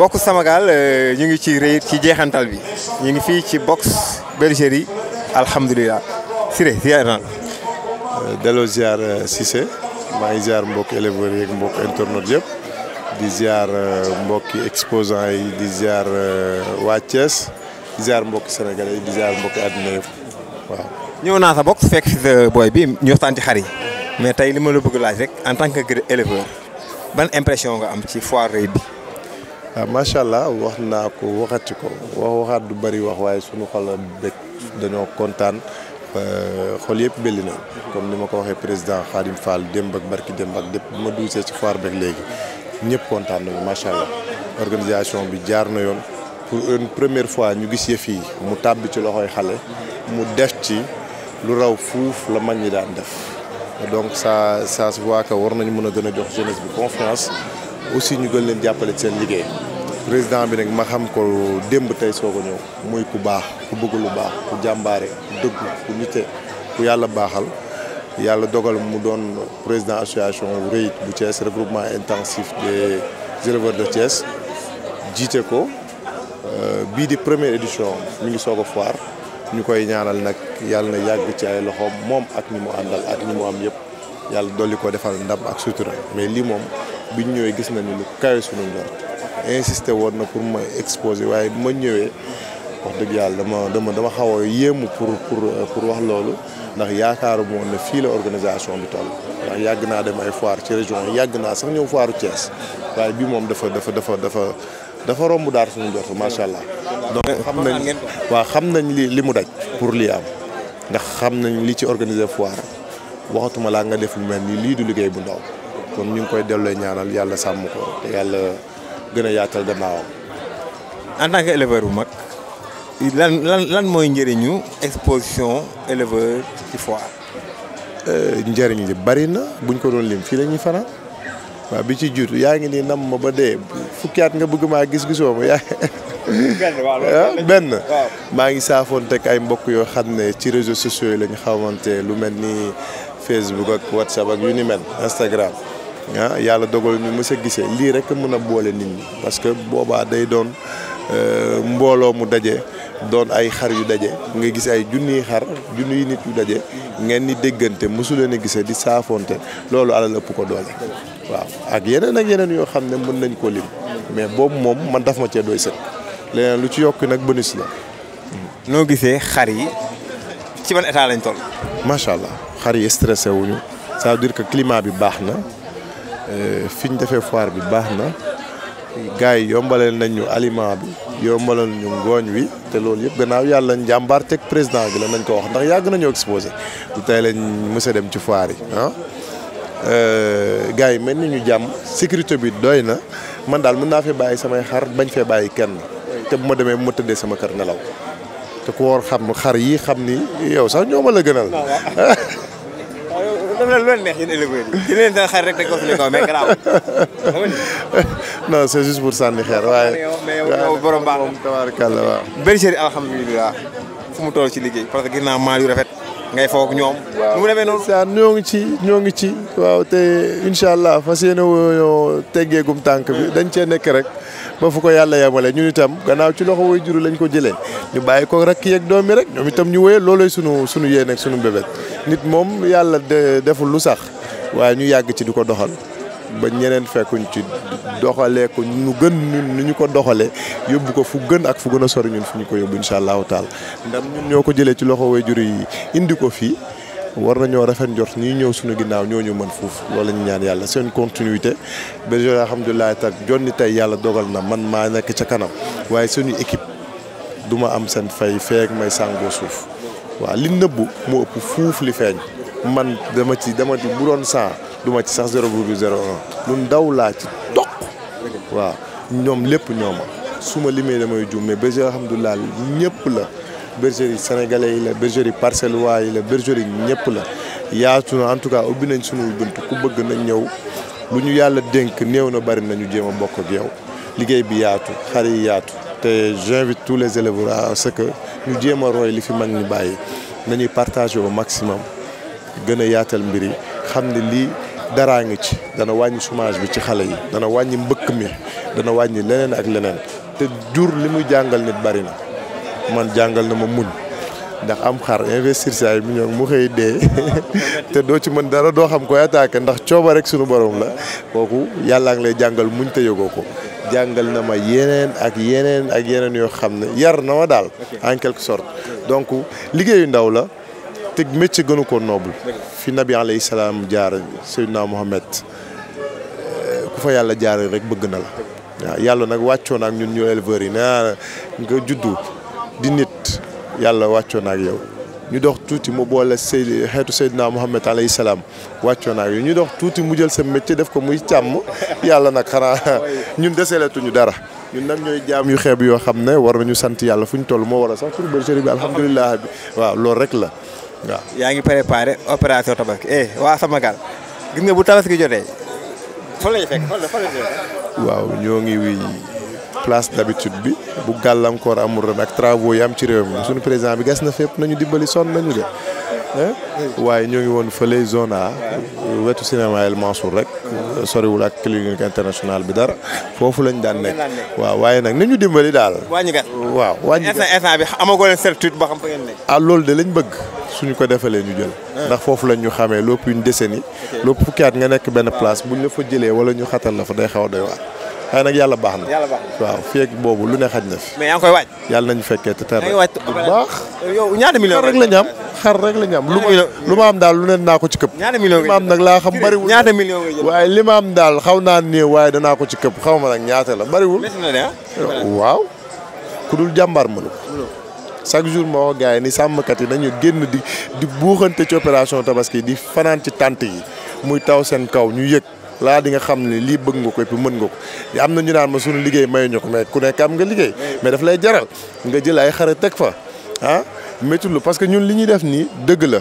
bokk Samagal euh, ñu ngi ci réy ci jeexantal bi ñu ngi fii ci box bergerie alhamdulilah Siré ziar naa la. Euh, delloo ziar euh, Cissé maa ngi ziar mbokk éleveurs yeeg mbokk internautes yëpp di ziar mbokki exposants yi di ziar waa Thiès di ziar mbokki sénégalais yi di ziar mbokki àddina yëpp waaw. ñëw naa sa box fekk si booy bi ñu waxtaan ci xar yi mais tey li ma la bëgg laaj rek en tant que éleveur ban impression nga am ci foire Réy bi. ah macha allah wax naa ko waxati ko wax waxaat du bëri wax waaye sunu xol bég dañoo kontaan euh, xol yëpp belli na comme ni ma ko waxee président Khadim Fall démb ak barki démb ak dépp ma duusee ci foir beeg léegi ñëpp kontaan nañu macha allah organisation bi jaar na yoon. pour première fois ñu gis yëf mu tàbbi ci loxoy xale mu def ci lu raw fuuf la mag ñi daan def donc ça ça se voit que war mën a gën a jox jeunesse bi confiance aussi ñu gën leen jàppale ci seen liggéey président bi nag ma xam ko démb tey soo ko ñëw muy ku baax ku bëgg lu baax ku jàmbaare ku dëgg ku nite ku yàlla baaxal yàlla dogal mu doon président association REIT bu Thiès regroupement intensif des éleveurs de Thiès jiite ko euh, bii di premier édition mi ngi soog a foire ñu koy ñaanal nag yàlla na yàgg ci ay loxoom moom ak ñi mu àndal ak ñi mu am yëpp yàlla dool yi ko defal ndam ak sutura mais lii moom biñ ñëwee gis nañu lu kawe suñu njort insisté woon na pour ma exposé waaye du ma ñëwee wax dëgg yàlla dama dama dama xaw a yéemu pour pour pour wax loolu ndax yaakaaru moon ne fii la organisation bi toll ndax yàgg naa dem ay foire ci région yàgg naa sax ñëw foiru Thiès waaye bii moom dafa dafa dafa dafa dafa romb daar suñu jot macha allah. donc xam nañ xam nañ li li mu daj pour lii am ndax xam nañ li ci organiser foire waxatuma laa nga def lu mel ni lii du liggéey bu ndaw kon ñu ngi koy delloo ñaanal yàlla sàmm ko te gën a yaatal gannaawam. en tant que éleveur bu mag lan lan lan mooy njëriñu exposition éleveur ci foire. Euh, njëriñ li bari na buñ ko doon lim fii lañuy ñuy fanaan waaw bi ci jiitu yaa ngi nii nam ma ba dee fukki at nga bëgg maa gis gisoo ma yaa benn ah, maa ngi saafoonteeg ay mbokk yoo xam ne ci réseau sociaux yi la ñu lu mel ni Facebook ak WhatsApp ak yu ni mel Instagram. ah yàlla dogal ñu mës a gisee lii rek mën a boole nit ñi parce que boobaa day doon euh, mbooloo mu daje doon ay xar yu daje nga gis ay junniy xar yu nit yu daje ngeen di déggante mësu leen gisee di saafoonte loolu alal ëpp ko doole waaw ak yeneen ak yeneen yoo xam ne mën nañ ko lim mais boobu moom man daf ma cee doy sëkk leneen lu ci yokk nag bonus la. Hmm. noo gisee xar yi ci ban état lañ toll. macha allah xar yi stressé wuñu ça veut dire que climat bi baax na. Euh, fi ñu defee foire bi baax na gars yi yombalal nañ ñu aliment bi yombalal ñu ngooñ wi te loolu yëpp gannaaw yàlla njàmbaar teg président bi la nañ ko wax ndax yàgg nañoo exposé du tey lañ mës dem ci foire yi ah euh, gars yi mel nañu jàmm sécurité bi doy na man daal mën naa fee bàyyi samay xar bañ fee bàyyi kenn te bu ma demee bu ma tëddee sama kër nelaw te ku war xam xar yi xam ni yow sax ñoo ma la gënal daf leen lu neex yéen éleveurs yi. ki leen daan xar rek dañ ko fi ne ko mais garaaw. c'est juste pour sànni xeer waaye. waaw borom baax moom tabaarkalla waaw. bergerie alhamdulilah fu mu toll ci liggéey parce que gis naa maal rafet. ngay foog ñoom. waaw ñoo ngi ci ñoo ngi ci. waaw te incha allah fas yéene woo teggeegum tànk bi dañ cee nekk rek. ba fu ko yàlla yemale ñun itam gannaaw ci loxo way juru lañu ko jëlee ñu bàyyi ko rakk yeeg doom yi rek ñoom itam ñu wéyal loolooy sunu sunu yéene ak sunu bébét nit moom yàlla deful lu sax waaye ñu yàgg ci di ko doxal ba ñeneen fekkuñ ci doxalee ko ñu gën ñun ni ñu ko doxalee yóbbu ko fu gën ak fu gën a sori ñun fu ñu ko yóbbu incha allahu taala ndam ñun ñoo ko jëlee ci loxo way juru yi indi ko fii war nañoo rafet njort ñi ñëw suñu ginnaaw ñoo ñu mën foofu loolu la ñu ñaan yàlla seen continuité ba jour alhamdulilah tak jonni tey yàlla dogal na man maa nekk ca kanam waaye suñu équipe du ma am seen fay feek may sàngoo suuf waa li nëbbu moo ëpp fuuf li feeñ man dama ci dama ci bu doon cent du ma ci sax zéro virgule zéro un lu ndaw laa ci toq waaw ñoom lépp ñooma su ma limee damay juum mais ba jour alhamdulilah ñëpp la bergerie sénégalais yi la bergerie parcellois yi la bergerie ñëpp la yaatu na en tout cas ubbi nañ sunu bunt ku bëgg nañ ñëw lu ñu yàlla dénk néew na bari ñu jéem a bokk ak yow liggéey bi yaatu xar yi yaatu te j'invite les éleveurs à ce que ñu jéem a roy li fi mag ñi bàyyi nañuy partager au maximum gën a yaatal mbir yi xam daraa ngi ci dana wàññi chômage bi ci xale yi dana wàññi mbëkk mi dana wàññi leneen ak leneen te jur li muy jàngal nit bari na man jàngal na ma muñ ndax am xar investir si ay millions mu xëy dee te doo ci mën dara doo xam koy attaqué ndax cooba rek sunu borom la kooku yàllaa ngi lay jàngal muñ te yëgoo ko jàngal na ma yeneen ak yeneen ak yeneen yoo xam ne yar na ma daal en quelque sorte donc liggéeyu ndaw la te métier gënu ko noble fi nabi alayhi salaam jaar Seydina Mohamed ku fa yàlla jaar rek bëgg na la waaw yàlla nag wàccoon ak ñun ñu éleveurs yi nee naa nga juddu di nit yàlla wàccoon ak yow ñu dox tuuti mu boole Seydou xeetu Seydina Muhammad alayhi salaam wàccoon ak yow ñu dox tuuti mu jël sa métier def ko muy càmm yàlla nag xanaa ñun deseletuñu dara ñun nag ñooy jaam yu xeeb yoo xam ne war nañu sant yàlla fu ñu toll moo war a sax pour bergerie bi alhamdulilah bi waaw loolu rek la waaw. yaa ngi préparé opération tabaski eh waa sama gaal waaw ñoo ngi wi place d'habitude bi bu gàllankoor amul ren ak travaux yi am ci réew mi suñu président bi gas na fépp nañu dimbali sonn nañu de waaye ñoo ngi woon fële zone A wetu cinéma El Mansour rek soriwul ak clinique internationale bi dara foofu lañ daan nekk waaw waaye nag nañu dimbali daal wàññi gas waaw wàññi gas instant bi amagoo leen certitude ba xam fa ngeen nekk ah, loolu de lañ bëgg suñu ko defalee ñu jël ndax foofu lañ ñu xamee lépp une décennie lépp fukki at nga nekk benn place buñ la fa jëlee wala ñu xatal la fa day xaw a doy waaye nag yàlla baax na waaw fii boobu lu ne xaj na fi mais yaa ngi koy waaj yàlla nañu fekkee te teel bu baax euh, yow ñaata am xar rek la ñu am lu lu ma am daal lu ne naa ko ci këpp li ma am nag laa xam bariwul ñaata million nga waaye li ma am daal xaw naa néew waaye danaa ko ci këpp xaw ma nag ñaata la bariwul ah? waaw ku dul jàmbaar mënu ko chaque jour ma wax yi ni sàmmkat yi nañu génn di di buuxante ci opération tabaski di fanaan ci tànt yi muy taw seen kaw ñu yëg laa di nga xam ne lii bëgg nga ko et mën nga ko am na ñu naan ma suñu liggéey mayuñu ko mais ku nekk am nga liggéey mais daf lay jaral nga jël ay xare teg fa ah métti parce que ñun li ñuy def nii dëgg la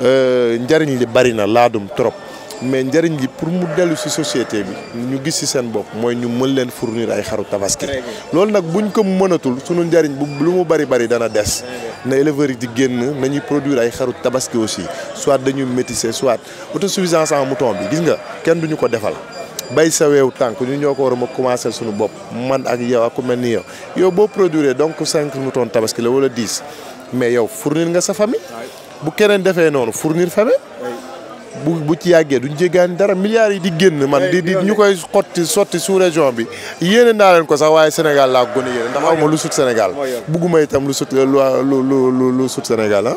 euh, njariñ li bari na laadum trop mais njëriñ gi pour mu dellu ci société bi ñu gis ci seen bopp mooy ñu mën leen fournir ay xaru tabaski loolu nag buñ ko mënatul sunu njëriñ bu lu mu bari bari dana des na éleveurs yi di génn nañuy produire ay xaru tabaski aussi soit dañuy métisser soit autosuffisance en mouton bi gis nga kenn duñu ko defal bay sa weew tànk ni ñoo ko war a ma commencé suñu bopp man ak yow ak mel ni yow yow boo produire donc cinq mouton tabaski la wala dix mais yow fournir nga sa famille bu keneen defee noonu fournir famille bu bu ci yagge duñ jéggaani dara milliards yi di génn man di di ñu koy xotti sotti sous région bi yéene naa leen ko sax waaye Sénégal laa ko gën a yéene ndax xawma lu sut Sénégal bugguma itam lu sut lu lu lu lu sut Sénégal ah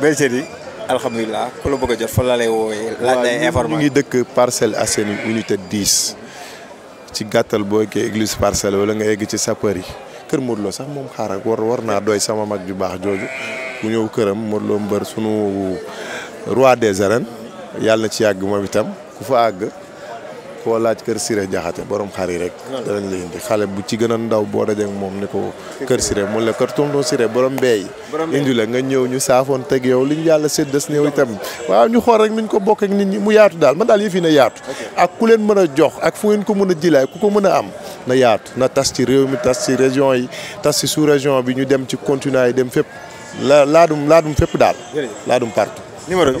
bergerie alhamdulilah ku la bëgg a jot fa la lay wooyee laaj lay information ñu ngi dëkk parcelle Assainies unité 10 ci gàttal boo ke église parcelle wala nga egg ci sapeur yi kër Modou sax moom xaaral war war naa doy sama mag ju baax jooju mu ñëw këram Modou mbër sunu roi des arènes yàlla ci àgg moom itam ku fa àgg koo laaj kër Siré Jaxate borom xar yi rek. danañ la indi xale bu ci gën ndaw boo dajee ak moom ni ko. kër Siré mu la kër Tonton Siré borom mbéy. indi la nga ñëw ñu saafoon teg yow li ñu yàlla des néew itam. waaw ñu xool rek ñu ko bokk nit ñi mu yaatu daal man daal yëf yi na yaatu. ak ku leen mën a jox ak fu ngeen ko mën a jilaay ku ko mën a am. na yaatu na tas ci réew mi tas ci région yi tas ci sous région bi ñu dem ci continent yi dem fépp la laadum laadum fépp daal. laadum partout. numéro bi